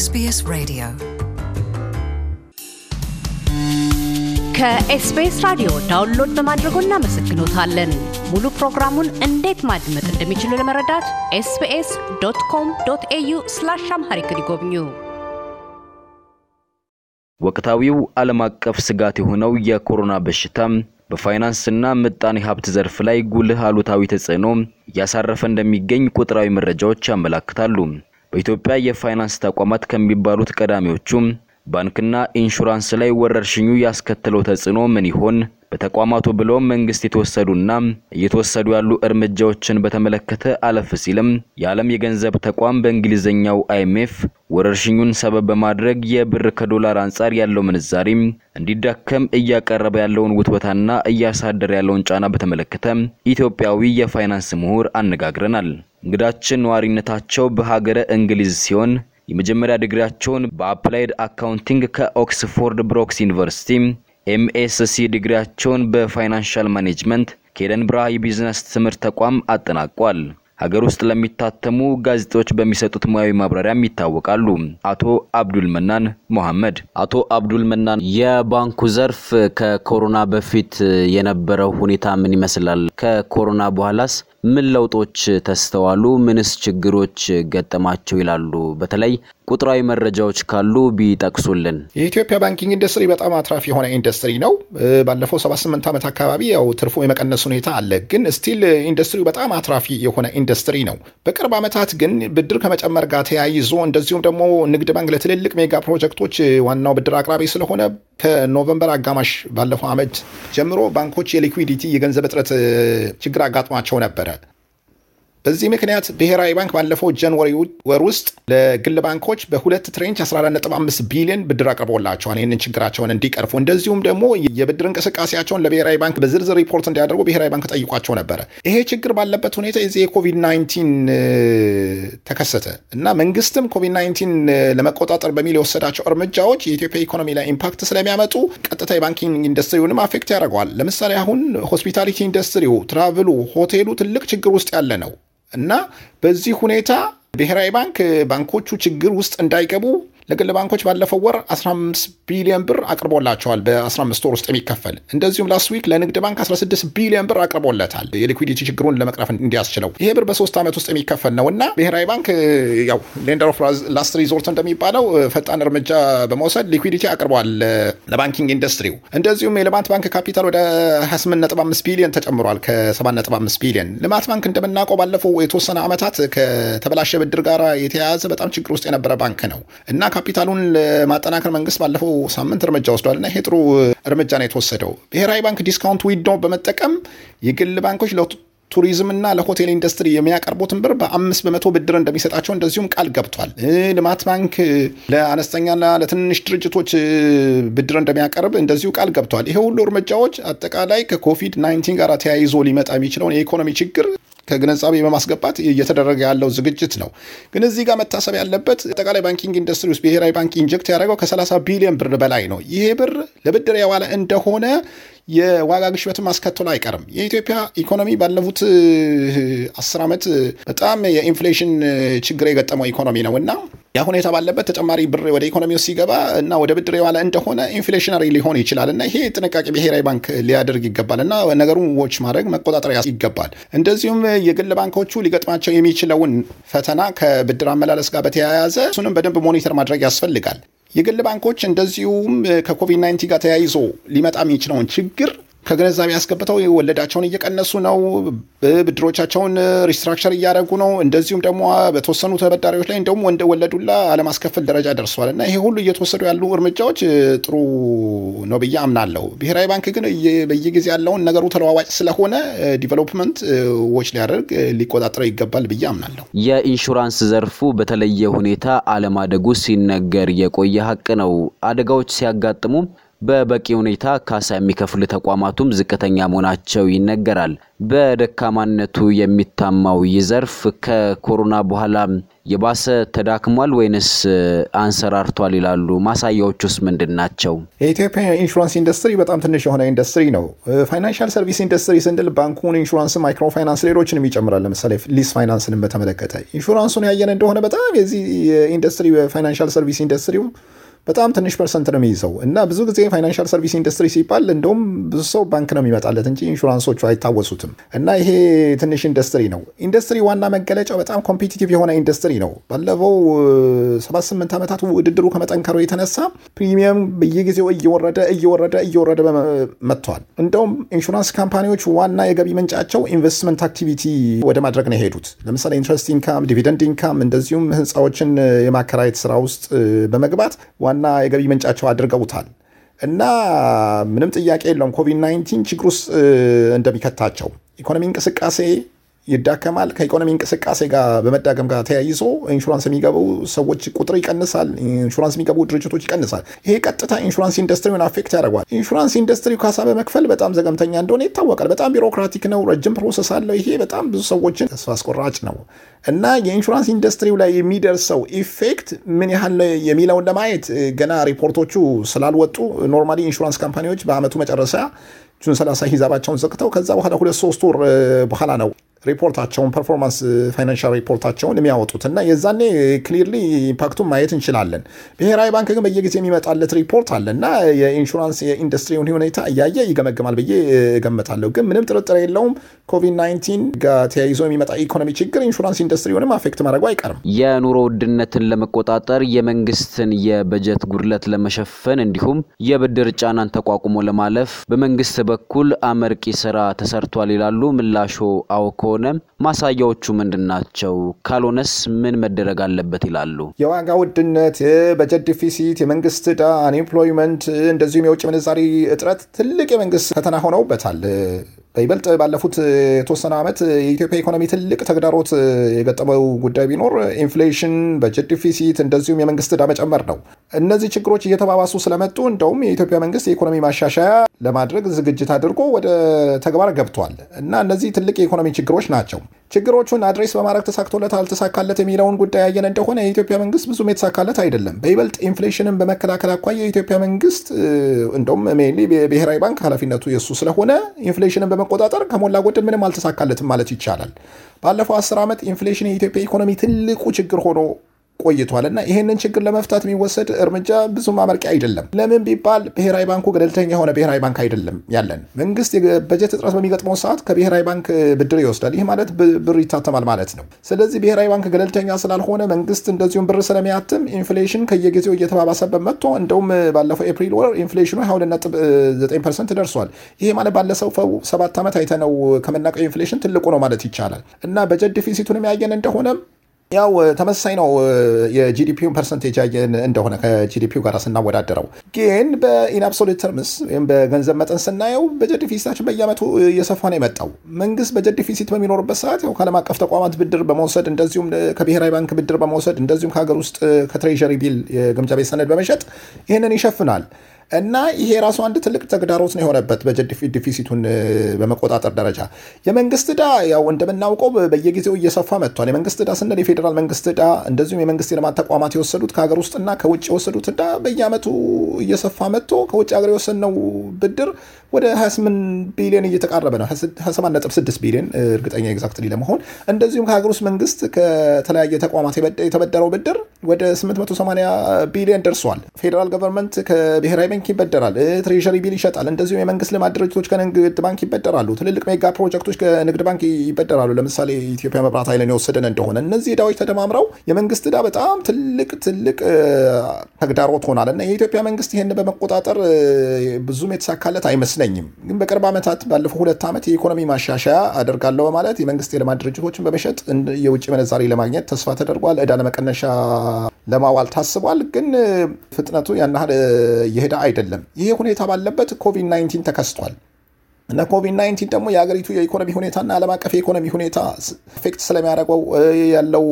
SBS Radio. ከኤስቢኤስ ራዲዮ ዳውንሎድ በማድረጎ እናመሰግኖታለን። ሙሉ ፕሮግራሙን እንዴት ማድመጥ እንደሚችሉ ለመረዳት ኤስቢኤስ ዶት ኮም ዶት ኤዩ ስላሽ አምሃሪክ ይጎብኙ። ወቅታዊው ዓለም አቀፍ ስጋት የሆነው የኮሮና በሽታ በፋይናንስና ምጣኔ ሀብት ዘርፍ ላይ ጉልህ አሉታዊ ተጽዕኖ እያሳረፈ እንደሚገኝ ቁጥራዊ መረጃዎች ያመላክታሉ። በኢትዮጵያ የፋይናንስ ተቋማት ከሚባሉት ቀዳሚዎቹም ባንክና ኢንሹራንስ ላይ ወረርሽኙ ያስከተለው ተጽዕኖ ምን ይሆን? በተቋማቱ ብሎም መንግስት የተወሰዱና እየተወሰዱ ያሉ እርምጃዎችን በተመለከተ አለፍ ሲልም የዓለም የገንዘብ ተቋም በእንግሊዝኛው አይኤምኤፍ ወረርሽኙን ሰበብ በማድረግ የብር ከዶላር አንጻር ያለው ምንዛሪ እንዲዳከም እያቀረበ ያለውን ውትወታና እያሳደረ ያለውን ጫና በተመለከተ ኢትዮጵያዊ የፋይናንስ ምሁር አነጋግረናል። እንግዳችን ነዋሪነታቸው በሀገረ እንግሊዝ ሲሆን የመጀመሪያ ዲግሪያቸውን በአፕላይድ አካውንቲንግ ከኦክስፎርድ ብሮክስ ዩኒቨርሲቲ፣ ኤምኤስሲ ዲግሪያቸውን በፋይናንሻል ማኔጅመንት ከኤደንብራ የቢዝነስ ትምህርት ተቋም አጠናቋል። ሀገር ውስጥ ለሚታተሙ ጋዜጦች በሚሰጡት ሙያዊ ማብራሪያም ይታወቃሉ። አቶ አብዱል መናን ሞሐመድ። አቶ አብዱል መናን፣ የባንኩ ዘርፍ ከኮሮና በፊት የነበረው ሁኔታ ምን ይመስላል? ከኮሮና በኋላስ ምን ለውጦች ተስተዋሉ? ምንስ ችግሮች ገጠማቸው? ይላሉ። በተለይ ቁጥራዊ መረጃዎች ካሉ ቢጠቅሱልን። የኢትዮጵያ ባንኪንግ ኢንዱስትሪ በጣም አትራፊ የሆነ ኢንዱስትሪ ነው። ባለፈው 78 ዓመት አካባቢ ያው ትርፉ የመቀነስ ሁኔታ አለ። ግን ስቲል ኢንዱስትሪው በጣም አትራፊ የሆነ ኢንዱስትሪ ነው። በቅርብ ዓመታት ግን ብድር ከመጨመር ጋር ተያይዞ እንደዚሁም ደግሞ ንግድ ባንክ ለትልልቅ ሜጋ ፕሮጀክቶች ዋናው ብድር አቅራቢ ስለሆነ ከኖቨምበር አጋማሽ ባለፈው ዓመት ጀምሮ ባንኮች የሊኩዊዲቲ የገንዘብ እጥረት ችግር አጋጥሟቸው ነበረ። በዚህ ምክንያት ብሔራዊ ባንክ ባለፈው ጃንዋሪ ወር ውስጥ ለግል ባንኮች በሁለት ትሬንች 14.5 ቢሊዮን ብድር አቅርቦላቸዋል ይህንን ችግራቸውን እንዲቀርፉ። እንደዚሁም ደግሞ የብድር እንቅስቃሴያቸውን ለብሔራዊ ባንክ በዝርዝር ሪፖርት እንዲያደርጉ ብሔራዊ ባንክ ጠይቋቸው ነበረ። ይሄ ችግር ባለበት ሁኔታ የዚህ የኮቪድ-19 ተከሰተ እና መንግስትም ኮቪድ-19 ለመቆጣጠር በሚል የወሰዳቸው እርምጃዎች የኢትዮጵያ ኢኮኖሚ ላይ ኢምፓክት ስለሚያመጡ ቀጥታ የባንኪንግ ኢንዱስትሪውንም አፌክት ያደርገዋል። ለምሳሌ አሁን ሆስፒታሊቲ ኢንዱስትሪው፣ ትራቭሉ፣ ሆቴሉ ትልቅ ችግር ውስጥ ያለ ነው። እና በዚህ ሁኔታ ብሔራዊ ባንክ ባንኮቹ ችግር ውስጥ እንዳይገቡ ለግል ባንኮች ባለፈው ወር 15 ቢሊዮን ብር አቅርቦላቸዋል በ15 ወር ውስጥ የሚከፈል እንደዚሁም ላስት ዊክ ለንግድ ባንክ 16 ቢሊዮን ብር አቅርቦለታል የሊኩዲቲ ችግሩን ለመቅረፍ እንዲያስችለው። ይሄ ብር በሶስት ዓመት ውስጥ የሚከፈል ነው እና ብሔራዊ ባንክ ያው ሌንደር ኦፍ ላስት ሪዞርት እንደሚባለው ፈጣን እርምጃ በመውሰድ ሊኩዲቲ አቅርቧል ለባንኪንግ ኢንዱስትሪው። እንደዚሁም የልማት ባንክ ካፒታል ወደ 28.5 ቢሊዮን ተጨምሯል ከ7.5 ቢሊዮን። ልማት ባንክ እንደምናውቀው ባለፈው የተወሰነ ዓመታት ከተበላሸ ብድር ጋር የተያያዘ በጣም ችግር ውስጥ የነበረ ባንክ ነው እና ካፒታሉን ለማጠናከር መንግስት ባለፈው ሳምንት እርምጃ ወስዷል ይሄ ጥሩ እርምጃ ነው የተወሰደው። ብሔራዊ ባንክ ዲስካውንት ዊዶ በመጠቀም የግል ባንኮች ቱሪዝምና ለሆቴል ኢንዱስትሪ የሚያቀርቡትን ብር በአምስት በመቶ ብድር እንደሚሰጣቸው እንደዚሁም ቃል ገብቷል። ልማት ባንክ ለአነስተኛና ለትንሽ ድርጅቶች ብድር እንደሚያቀርብ እንደዚሁ ቃል ገብቷል። ይሄ ሁሉ እርምጃዎች አጠቃላይ ከኮቪድ-19 ጋር ተያይዞ ሊመጣ የሚችለውን የኢኮኖሚ ችግር ከግንዛቤ በማስገባት እየተደረገ ያለው ዝግጅት ነው። ግን እዚህ ጋር መታሰብ ያለበት አጠቃላይ ባንኪንግ ኢንዱስትሪ ውስጥ ብሔራዊ ባንክ ኢንጀክት ያደረገው ከ30 ቢሊዮን ብር በላይ ነው። ይሄ ብር ለብድር የዋለ እንደሆነ የዋጋ ግሽበትን አስከትሎ አይቀርም። የኢትዮጵያ ኢኮኖሚ ባለፉት አስር ዓመት በጣም የኢንፍሌሽን ችግር የገጠመው ኢኮኖሚ ነው እና ያ ሁኔታ ባለበት ተጨማሪ ብር ወደ ኢኮኖሚው ሲገባ እና ወደ ብድር የዋለ እንደሆነ ኢንፍሌሽነሪ ሊሆን ይችላል እና ይሄ ጥንቃቄ ብሔራዊ ባንክ ሊያደርግ ይገባል እና ነገሩን ዎች ማድረግ መቆጣጠር ይገባል። እንደዚሁም የግል ባንኮቹ ሊገጥማቸው የሚችለውን ፈተና ከብድር አመላለስ ጋር በተያያዘ እሱንም በደንብ ሞኒተር ማድረግ ያስፈልጋል። የግል ባንኮች እንደዚሁም ከኮቪድ-19 ጋር ተያይዞ ሊመጣ የሚችለውን ችግር ከግንዛቤ ያስገብተው ወለዳቸውን እየቀነሱ ነው፣ ብድሮቻቸውን ሪስትራክቸር እያደረጉ ነው። እንደዚሁም ደግሞ በተወሰኑ ተበዳሪዎች ላይ እንደውም ወንደ ወለዱላ አለማስከፈል ደረጃ ደርሷል እና ይሄ ሁሉ እየተወሰዱ ያሉ እርምጃዎች ጥሩ ነው ብዬ አምናለሁ። ብሔራዊ ባንክ ግን በየጊዜ ያለውን ነገሩ ተለዋዋጭ ስለሆነ ዲቨሎፕመንት ዎች ሊያደርግ ሊቆጣጠረው ይገባል ብዬ አምናለሁ። የኢንሹራንስ ዘርፉ በተለየ ሁኔታ አለማደጉ ሲነገር የቆየ ሀቅ ነው። አደጋዎች ሲያጋጥሙ በበቂ ሁኔታ ካሳ የሚከፍሉ ተቋማቱም ዝቅተኛ መሆናቸው ይነገራል። በደካማነቱ የሚታማው ይህ ዘርፍ ከኮሮና በኋላ የባሰ ተዳክሟል ወይንስ አንሰራርቷል ይላሉ? ማሳያዎች ውስጥ ምንድን ናቸው? የኢትዮጵያ ኢንሹራንስ ኢንዱስትሪ በጣም ትንሽ የሆነ ኢንዱስትሪ ነው። ፋይናንሻል ሰርቪስ ኢንዱስትሪ ስንል ባንኩን፣ ኢንሹራንስ፣ ማይክሮ ፋይናንስ፣ ሌሎችንም ይጨምራል። ለምሳሌ ሊስ ፋይናንስንም በተመለከተ ኢንሹራንሱን ያየን እንደሆነ በጣም የዚህ ኢንዱስትሪ ፋይናንሻል ሰርቪስ ኢንዱስትሪውም በጣም ትንሽ ፐርሰንት ነው የሚይዘው እና ብዙ ጊዜ ፋይናንሻል ሰርቪስ ኢንዱስትሪ ሲባል እንደውም ብዙ ሰው ባንክ ነው የሚመጣለት እንጂ ኢንሹራንሶቹ አይታወሱትም። እና ይሄ ትንሽ ኢንዱስትሪ ነው። ኢንዱስትሪ ዋና መገለጫው በጣም ኮምፒቲቲቭ የሆነ ኢንዱስትሪ ነው። ባለፈው ሰባት ዓመታት ውድድሩ ከመጠንከሩ የተነሳ ፕሪሚየም በየጊዜው እየወረደ እየወረደ እየወረደ መጥቷል። እንደውም ኢንሹራንስ ካምፓኒዎች ዋና የገቢ ምንጫቸው ኢንቨስትመንት አክቲቪቲ ወደ ማድረግ ነው የሄዱት። ለምሳሌ ኢንትረስት ኢንካም፣ ዲቪደንድ ኢንካም እንደዚሁም ህንፃዎችን የማከራየት ስራ ውስጥ በመግባት ዋና ዋና የገቢ ምንጫቸው አድርገውታል እና ምንም ጥያቄ የለውም ኮቪድ-19 ችግር ውስጥ እንደሚከታቸው ኢኮኖሚ እንቅስቃሴ ይዳከማል። ከኢኮኖሚ እንቅስቃሴ ጋር በመዳከም ጋር ተያይዞ ኢንሹራንስ የሚገቡ ሰዎች ቁጥር ይቀንሳል። ኢንሹራንስ የሚገቡ ድርጅቶች ይቀንሳል። ይሄ ቀጥታ ኢንሹራንስ ኢንዱስትሪውን አፌክት ያደርጓል። ኢንሹራንስ ኢንዱስትሪው ካሳ በመክፈል በጣም ዘገምተኛ እንደሆነ ይታወቃል። በጣም ቢሮክራቲክ ነው፣ ረጅም ፕሮሰስ አለው። ይሄ በጣም ብዙ ሰዎችን ተስፋ አስቆራጭ ነው እና የኢንሹራንስ ኢንዱስትሪው ላይ የሚደርሰው ኢፌክት ምን ያህል የሚለውን ለማየት ገና ሪፖርቶቹ ስላልወጡ ኖርማሊ ኢንሹራንስ ካምፓኒዎች በአመቱ መጨረሻ ጁን 30 ሂሳባቸውን ዘግተው ከዛ በኋላ ሁለት ሶስት ወር በኋላ ነው ሪፖርታቸውን ፐርፎርማንስ ፋይናንሻል ሪፖርታቸውን የሚያወጡት እና የዛኔ ክሊርሊ ኢምፓክቱን ማየት እንችላለን። ብሔራዊ ባንክ ግን በየጊዜ የሚመጣለት ሪፖርት አለ እና የኢንሹራንስ የኢንዱስትሪውን ሁኔታ እያየ ይገመግማል ብዬ እገምታለሁ። ግን ምንም ጥርጥር የለውም ኮቪድ 19 ጋር ተያይዞ የሚመጣ ኢኮኖሚ ችግር ኢንሹራንስ ኢንዱስትሪውንም አፌክት ማድረጉ አይቀርም። የኑሮ ውድነትን ለመቆጣጠር የመንግስትን የበጀት ጉድለት ለመሸፈን እንዲሁም የብድር ጫናን ተቋቁሞ ለማለፍ በመንግስት በኩል አመርቂ ስራ ተሰርቷል ይላሉ ምላሾ አውኮ ከሆነ ማሳያዎቹ ምንድን ናቸው? ካልሆነስ ምን መደረግ አለበት ይላሉ። የዋጋ ውድነት፣ በጀት ዲፊሲት፣ የመንግስት ዕዳ፣ አንኤምፕሎይመንት እንደዚሁም የውጭ ምንዛሪ እጥረት ትልቅ የመንግስት ፈተና ሆነውበታል። በይበልጥ ባለፉት የተወሰነ ዓመት የኢትዮጵያ ኢኮኖሚ ትልቅ ተግዳሮት የገጠመው ጉዳይ ቢኖር ኢንፍሌሽን፣ በጀት ዲፊሲት እንደዚሁም የመንግስት ዕዳ መጨመር ነው። እነዚህ ችግሮች እየተባባሱ ስለመጡ እንደውም የኢትዮጵያ መንግስት የኢኮኖሚ ማሻሻያ ለማድረግ ዝግጅት አድርጎ ወደ ተግባር ገብቷል እና እነዚህ ትልቅ የኢኮኖሚ ችግሮች ናቸው። ችግሮቹን አድሬስ በማድረግ ተሳክቶለት አልተሳካለት የሚለውን ጉዳይ ያየን እንደሆነ የኢትዮጵያ መንግስት ብዙም የተሳካለት አይደለም። በይበልጥ ኢንፍሌሽንን በመከላከል አኳያ የኢትዮጵያ መንግስት እንደውም ሜይንሊ ብሔራዊ ባንክ ኃላፊነቱ የሱ ስለሆነ ኢንፍሌሽንን መቆጣጠር ከሞላ ጎደል ምንም አልተሳካለትም ማለት ይቻላል። ባለፈው አስር ዓመት ኢንፍሌሽን የኢትዮጵያ ኢኮኖሚ ትልቁ ችግር ሆኖ ቆይቷልና ይህንን ችግር ለመፍታት የሚወሰድ እርምጃ ብዙም አመርቂ አይደለም። ለምን ቢባል ብሔራዊ ባንኩ ገለልተኛ የሆነ ብሔራዊ ባንክ አይደለም ያለን። መንግስት በጀት እጥረት በሚገጥመው ሰዓት ከብሔራዊ ባንክ ብድር ይወስዳል። ይህ ማለት ብር ይታተማል ማለት ነው። ስለዚህ ብሔራዊ ባንክ ገለልተኛ ስላልሆነ መንግስት እንደዚሁም ብር ስለሚያትም ኢንፍሌሽን ከየጊዜው እየተባባሰበት መጥቶ እንደውም ባለፈው ኤፕሪል ወር ኢንፍሌሽኑ 29 ፐርሰንት ደርሷል። ይሄ ማለት ፈው ሰባት ዓመት አይተነው ከምናውቀው ኢንፍሌሽን ትልቁ ነው ማለት ይቻላል እና በጀት ዲፊሲቱንም ያየን እንደሆነም ያው ተመሳሳይ ነው። የጂዲፒውን ፐርሰንቴጅ ያየን እንደሆነ ከጂዲፒው ጋር ስናወዳደረው ግን በኢንአብሶሉት ተርምስ ወይም በገንዘብ መጠን ስናየው በጀት ዲፊሲታችን በየዓመቱ እየሰፋ ነው የመጣው። መንግስት በጀት ዲፊሲት በሚኖርበት ሰዓት ያው ከዓለም አቀፍ ተቋማት ብድር በመውሰድ እንደዚሁም ከብሔራዊ ባንክ ብድር በመውሰድ እንደዚሁም ከሀገር ውስጥ ከትሬሪ ቢል የግምጃ ቤት ሰነድ በመሸጥ ይህንን ይሸፍናል። እና ይሄ ራሱ አንድ ትልቅ ተግዳሮት ነው የሆነበት በዲፊሲቱን በመቆጣጠር ደረጃ። የመንግስት ዳ ያው እንደምናውቀው በየጊዜው እየሰፋ መጥቷል። የመንግስት ዳ ስንል የፌዴራል መንግስት ዳ እንደዚሁም የመንግስት የልማት ተቋማት የወሰዱት ከሀገር ውስጥና ከውጭ የወሰዱት ዳ በየአመቱ እየሰፋ መጥቶ ከውጭ ሀገር የወሰድነው ብድር ወደ 28 ቢሊዮን እየተቃረበ ነው። 28.6 ቢሊዮን እርግጠኛ ኤግዛክትሊ ለመሆን እንደዚሁም ከሀገር ውስጥ መንግስት ከተለያየ ተቋማት የተበደረው ብድር ወደ 880 ቢሊዮን ደርሷል። ፌዴራል ገቨርንመንት ከብሔራዊ ባንክ ይበደራል። ትሬዠሪ ቢል ይሸጣል። እንደዚሁም የመንግስት ልማት ድርጅቶች ከንግድ ባንክ ይበደራሉ። ትልልቅ ሜጋ ፕሮጀክቶች ከንግድ ባንክ ይበደራሉ። ለምሳሌ ኢትዮጵያ መብራት ኃይልን የወሰደን እንደሆነ እነዚህ ዳዎች ተደማምረው የመንግስት ዕዳ በጣም ትልቅ ትልቅ ተግዳሮት ሆናል እና የኢትዮጵያ መንግስት ይህን በመቆጣጠር ብዙም የተሳካለት አይመስልም። አይመስለኝም። ግን በቅርብ ዓመታት ባለፉ ሁለት ዓመት የኢኮኖሚ ማሻሻያ አደርጋለሁ በማለት የመንግስት የልማት ድርጅቶችን በመሸጥ የውጭ ምንዛሬ ለማግኘት ተስፋ ተደርጓል። እዳ ለመቀነሻ ለማዋል ታስቧል። ግን ፍጥነቱ ያን ያህል የሄደ አይደለም። ይህ ሁኔታ ባለበት ኮቪድ-19 ተከስቷል። እና ኮቪድ 19 ደግሞ የሀገሪቱ የኢኮኖሚ ሁኔታና ዓለም አቀፍ የኢኮኖሚ ሁኔታ ፌክት ስለሚያደርገው ያለው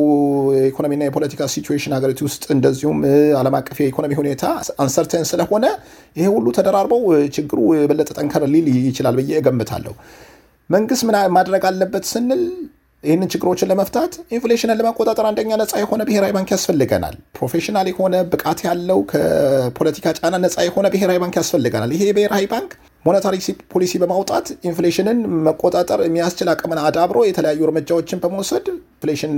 የኢኮኖሚና የፖለቲካ ሲቹዌሽን ሀገሪቱ ውስጥ እንደዚሁም ዓለም አቀፍ የኢኮኖሚ ሁኔታ አንሰርተን ስለሆነ ይሄ ሁሉ ተደራርበው ችግሩ የበለጠ ጠንከር ሊል ይችላል ብዬ እገምታለሁ። መንግስት ምን ማድረግ አለበት ስንል ይህንን ችግሮችን ለመፍታት ኢንፍሌሽንን ለመቆጣጠር አንደኛ ነፃ የሆነ ብሔራዊ ባንክ ያስፈልገናል። ፕሮፌሽናል የሆነ ብቃት ያለው ከፖለቲካ ጫና ነፃ የሆነ ብሔራዊ ባንክ ያስፈልገናል። ይሄ ብሔራዊ ባንክ ሞኔታሪ ፖሊሲ በማውጣት ኢንፍሌሽንን መቆጣጠር የሚያስችል አቅምን አዳብሮ የተለያዩ እርምጃዎችን በመውሰድ ኢንፍሌሽን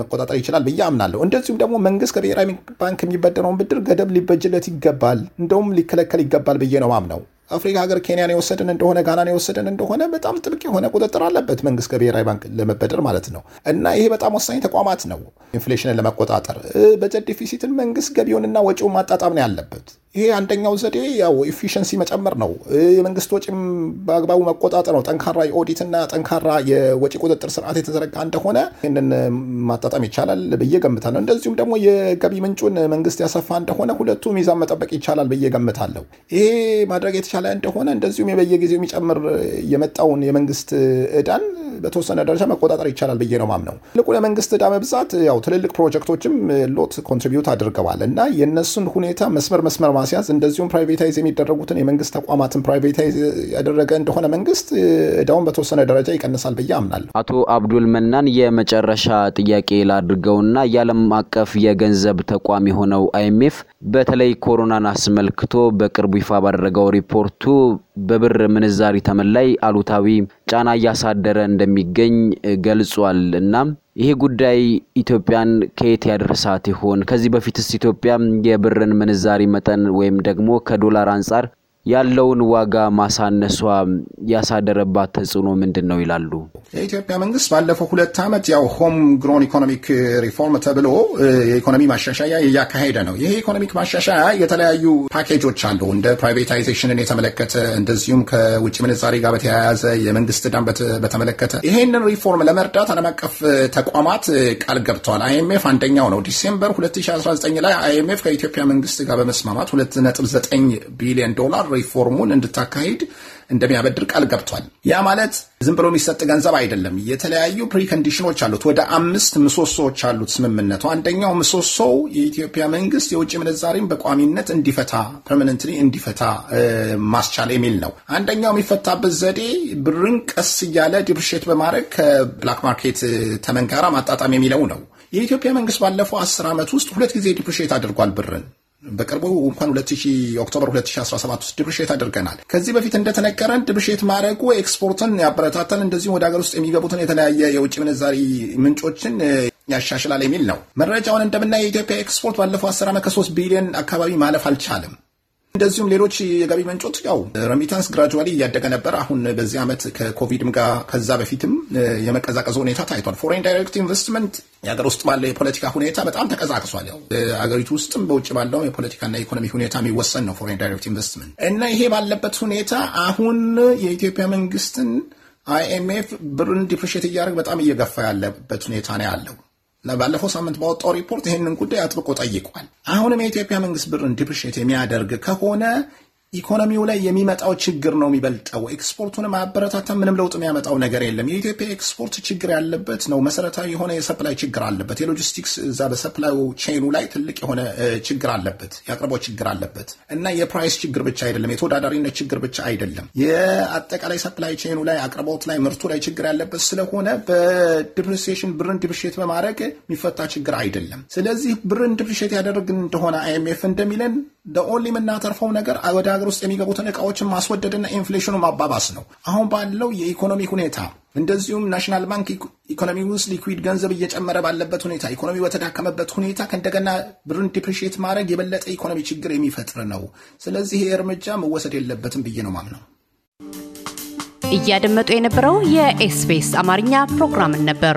መቆጣጠር ይችላል ብዬ አምናለሁ። እንደዚሁም ደግሞ መንግስት ከብሔራዊ ባንክ የሚበደረውን ብድር ገደብ ሊበጅለት ይገባል፣ እንደውም ሊከለከል ይገባል ብዬ ነው ማምነው። አፍሪካ ሀገር ኬንያን የወሰድን እንደሆነ ጋናን የወሰድን እንደሆነ በጣም ጥብቅ የሆነ ቁጥጥር አለበት መንግስት ከብሔራዊ ባንክ ለመበደር ማለት ነው። እና ይሄ በጣም ወሳኝ ተቋማት ነው ኢንፍሌሽንን ለመቆጣጠር። በጀት ዲፊሲትን መንግስት ገቢውንና ወጪውን ማጣጣም ነው ያለበት። ይሄ አንደኛው ዘዴ ያው ኢፊሽንሲ መጨመር ነው። የመንግስት ወጪም በአግባቡ መቆጣጠር ነው። ጠንካራ የኦዲትና ጠንካራ የወጪ ቁጥጥር ስርዓት የተዘረጋ እንደሆነ ይህንን ማጣጣም ይቻላል ብዬ ገምታለሁ። እንደዚሁም ደግሞ የገቢ ምንጩን መንግስት ያሰፋ እንደሆነ ሁለቱ ሚዛን መጠበቅ ይቻላል ብዬ ገምታለሁ። ይሄ ማድረግ የተቻለ እንደሆነ እንደዚሁም የበየጊዜው የሚጨምር የመጣውን የመንግስት እዳን። በተወሰነ ደረጃ መቆጣጠር ይቻላል ብዬ ነው ማምነው። ትልቁ ለመንግስት ዕዳ መብዛት ያው ትልልቅ ፕሮጀክቶችም ሎት ኮንትሪቢዩት አድርገዋል እና የእነሱን ሁኔታ መስመር መስመር ማስያዝ እንደዚሁም ፕራይቬታይዝ የሚደረጉትን የመንግስት ተቋማትን ፕራይቬታይዝ ያደረገ እንደሆነ መንግስት እዳውን በተወሰነ ደረጃ ይቀንሳል ብዬ አምናለሁ። አቶ አብዱል መናን የመጨረሻ ጥያቄ ላድርገውና የዓለም አቀፍ የገንዘብ ተቋም የሆነው አይኤምኤፍ በተለይ ኮሮናን አስመልክቶ በቅርቡ ይፋ ባደረገው ሪፖርቱ በብር ምንዛሪ ተመን ላይ አሉታዊ ጫና እያሳደረ እንደሚገኝ ገልጿል። እና ይሄ ጉዳይ ኢትዮጵያን ከየት ያደረሳት ይሆን? ከዚህ በፊትስ ኢትዮጵያ የብርን ምንዛሪ መጠን ወይም ደግሞ ከዶላር አንጻር ያለውን ዋጋ ማሳነሷ ያሳደረባት ተጽዕኖ ምንድን ነው ይላሉ። የኢትዮጵያ መንግስት ባለፈው ሁለት ዓመት ያው ሆም ግሮን ኢኮኖሚክ ሪፎርም ተብሎ የኢኮኖሚ ማሻሻያ እያካሄደ ነው። ይሄ ኢኮኖሚክ ማሻሻያ የተለያዩ ፓኬጆች አሉ። እንደ ፕራይቬታይዜሽንን የተመለከተ እንደዚሁም ከውጭ ምንዛሬ ጋር በተያያዘ የመንግስት ዕዳን በተመለከተ ይሄንን ሪፎርም ለመርዳት ዓለም አቀፍ ተቋማት ቃል ገብተዋል። አይኤምኤፍ አንደኛው ነው። ዲሴምበር 2019 ላይ አይኤምኤፍ ከኢትዮጵያ መንግስት ጋር በመስማማት 2.9 ቢሊዮን ዶላር ሪፎርሙን እንድታካሄድ እንደሚያበድር ቃል ገብቷል። ያ ማለት ዝም ብሎ የሚሰጥ ገንዘብ አይደለም። የተለያዩ ፕሪኮንዲሽኖች አሉት። ወደ አምስት ምሰሶዎች አሉት ስምምነቱ። አንደኛው ምሰሶው የኢትዮጵያ መንግስት የውጭ ምንዛሬን በቋሚነት እንዲፈታ ፐርማነንትሊ እንዲፈታ ማስቻል የሚል ነው። አንደኛው የሚፈታበት ዘዴ ብርን ቀስ እያለ ዲፕሪሼት በማድረግ ከብላክ ማርኬት ተመን ጋራ ማጣጣም የሚለው ነው። የኢትዮጵያ መንግስት ባለፈው አስር ዓመት ውስጥ ሁለት ጊዜ ዲፕሪሼት አድርጓል ብርን በቅርቡ እንኳን 2000 ኦክቶበር 2017 ውስጥ ድብርሼት አድርገናል። ከዚህ በፊት እንደተነገረን ድብርሼት ማድረጉ ኤክስፖርትን ያበረታታል፣ እንደዚሁም ወደ ሀገር ውስጥ የሚገቡትን የተለያየ የውጭ ምንዛሪ ምንጮችን ያሻሽላል የሚል ነው። መረጃውን እንደምናየው የኢትዮጵያ ኤክስፖርት ባለፈው 10 ዓመት ከ3 ቢሊዮን አካባቢ ማለፍ አልቻለም። እንደዚሁም ሌሎች የገቢ ምንጮች ያው ረሚታንስ ግራጁዋሊ እያደገ ነበር። አሁን በዚህ ዓመት ከኮቪድም ጋር ከዛ በፊትም የመቀዛቀዝ ሁኔታ ታይቷል። ፎሬን ዳይሬክት ኢንቨስትመንት የሀገር ውስጥ ባለው የፖለቲካ ሁኔታ በጣም ተቀዛቅሷል። ያው አገሪቱ ውስጥም በውጭ ባለው የፖለቲካና የኢኮኖሚ ሁኔታ የሚወሰን ነው ፎሬን ዳይሬክት ኢንቨስትመንት እና ይሄ ባለበት ሁኔታ አሁን የኢትዮጵያ መንግስትን አይኤምኤፍ ብርን ዲፕሪሼት እያደረግ በጣም እየገፋ ያለበት ሁኔታ ነው ያለው ባለፈው ሳምንት ባወጣው ሪፖርት ይህንን ጉዳይ አጥብቆ ጠይቋል። አሁንም የኢትዮጵያ መንግስት ብር እንዲፕሽት የሚያደርግ ከሆነ ኢኮኖሚው ላይ የሚመጣው ችግር ነው የሚበልጠው። ኤክስፖርቱን ማበረታታ ምንም ለውጥ የሚያመጣው ነገር የለም። የኢትዮጵያ ኤክስፖርት ችግር ያለበት ነው። መሰረታዊ የሆነ የሰፕላይ ችግር አለበት። የሎጂስቲክስ እዛ በሰፕላይ ቼኑ ላይ ትልቅ የሆነ ችግር አለበት። የአቅርቦት ችግር አለበት እና የፕራይስ ችግር ብቻ አይደለም፣ የተወዳዳሪነት ችግር ብቻ አይደለም። የአጠቃላይ ሰፕላይ ቼኑ ላይ አቅርቦት ላይ ምርቱ ላይ ችግር ያለበት ስለሆነ በዲፕሪሲዬሽን ብርን ዲፕሪሼት በማድረግ የሚፈታ ችግር አይደለም። ስለዚህ ብርን ዲፕሪሼት ያደርግ እንደሆነ አይኤምኤፍ እንደሚለን ለኦንሊ የምናተርፈው ነገር ወደ ሀገር ውስጥ የሚገቡትን እቃዎችን ማስወደድና ኢንፍሌሽኑ ማባባስ ነው። አሁን ባለው የኢኮኖሚ ሁኔታ እንደዚሁም ናሽናል ባንክ ኢኮኖሚ ውስጥ ሊኩዊድ ገንዘብ እየጨመረ ባለበት ሁኔታ፣ ኢኮኖሚ በተዳከመበት ሁኔታ ከእንደገና ብርን ዲፕሪሽት ማድረግ የበለጠ ኢኮኖሚ ችግር የሚፈጥር ነው። ስለዚህ ይሄ እርምጃ መወሰድ የለበትም ብዬ ነው ማምነው። እያደመጡ የነበረው የኤስቢኤስ አማርኛ ፕሮግራምን ነበር።